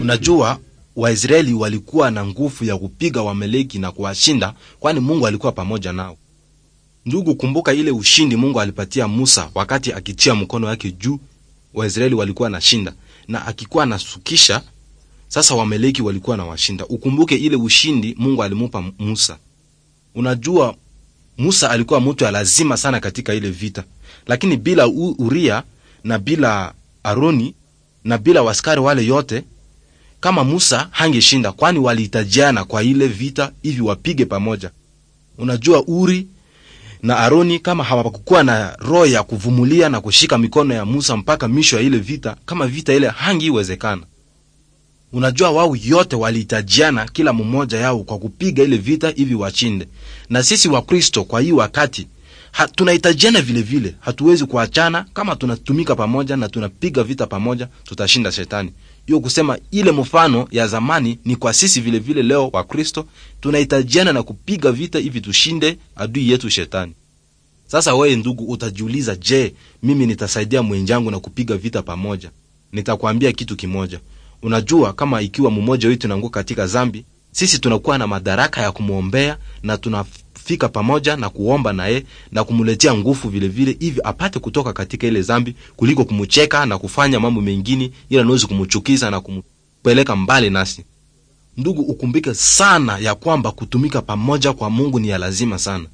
Unajua, Waisraeli walikuwa na nguvu ya kupiga Wameleki na kuwashinda, kwani Mungu alikuwa pamoja nao. Ndugu, kumbuka ile ushindi Mungu alipatia Musa wakati akitia mkono wake juu, Waisraeli walikuwa na shinda na akikuwa anasukisha, sasa Wameleki walikuwa na washinda. Ukumbuke ile ushindi Mungu alimupa Musa. Unajua, Musa alikuwa mtu ya lazima sana katika ile vita, lakini bila Uria na bila Aroni na bila waskari wale yote, kama Musa hangeshinda, kwani walihitajiana kwa ile vita hivi wapige pamoja. Unajua, Uri na Aroni kama hawakukuwa na roho ya kuvumulia na kushika mikono ya Musa mpaka misho ya ile vita, kama vita ile hangiiwezekana. Unajua, wao yote walihitajiana kila mmoja yao kwa kupiga ile vita hivi washinde. Na sisi Wakristo kwa hii wakati ha, tunahitajiana vilevile, hatuwezi kuachana. Kama tunatumika pamoja na tunapiga vita pamoja, tutashinda shetani. Hiyo kusema ile mfano ya zamani ni kwa sisi vilevile vile leo Wakristo tunahitajiana na kupiga vita hivi tushinde adui yetu shetani. Sasa wewe ndugu, utajiuliza, je, mimi nitasaidia mwenjangu na kupiga vita pamoja? Nitakwambia kitu kimoja. Unajua, kama ikiwa mmoja wetu nanguka katika zambi, sisi tunakuwa na madaraka ya kumwombea na tunafika pamoja na kuomba naye na kumletea nguvu vilevile, hivyo apate kutoka katika ile zambi, kuliko kumcheka na kufanya mambo mengine ila anaweze kumchukiza na kumpeleka mbali nasi. Ndugu, ukumbike sana ya kwamba kutumika pamoja kwa Mungu ni ya lazima sana.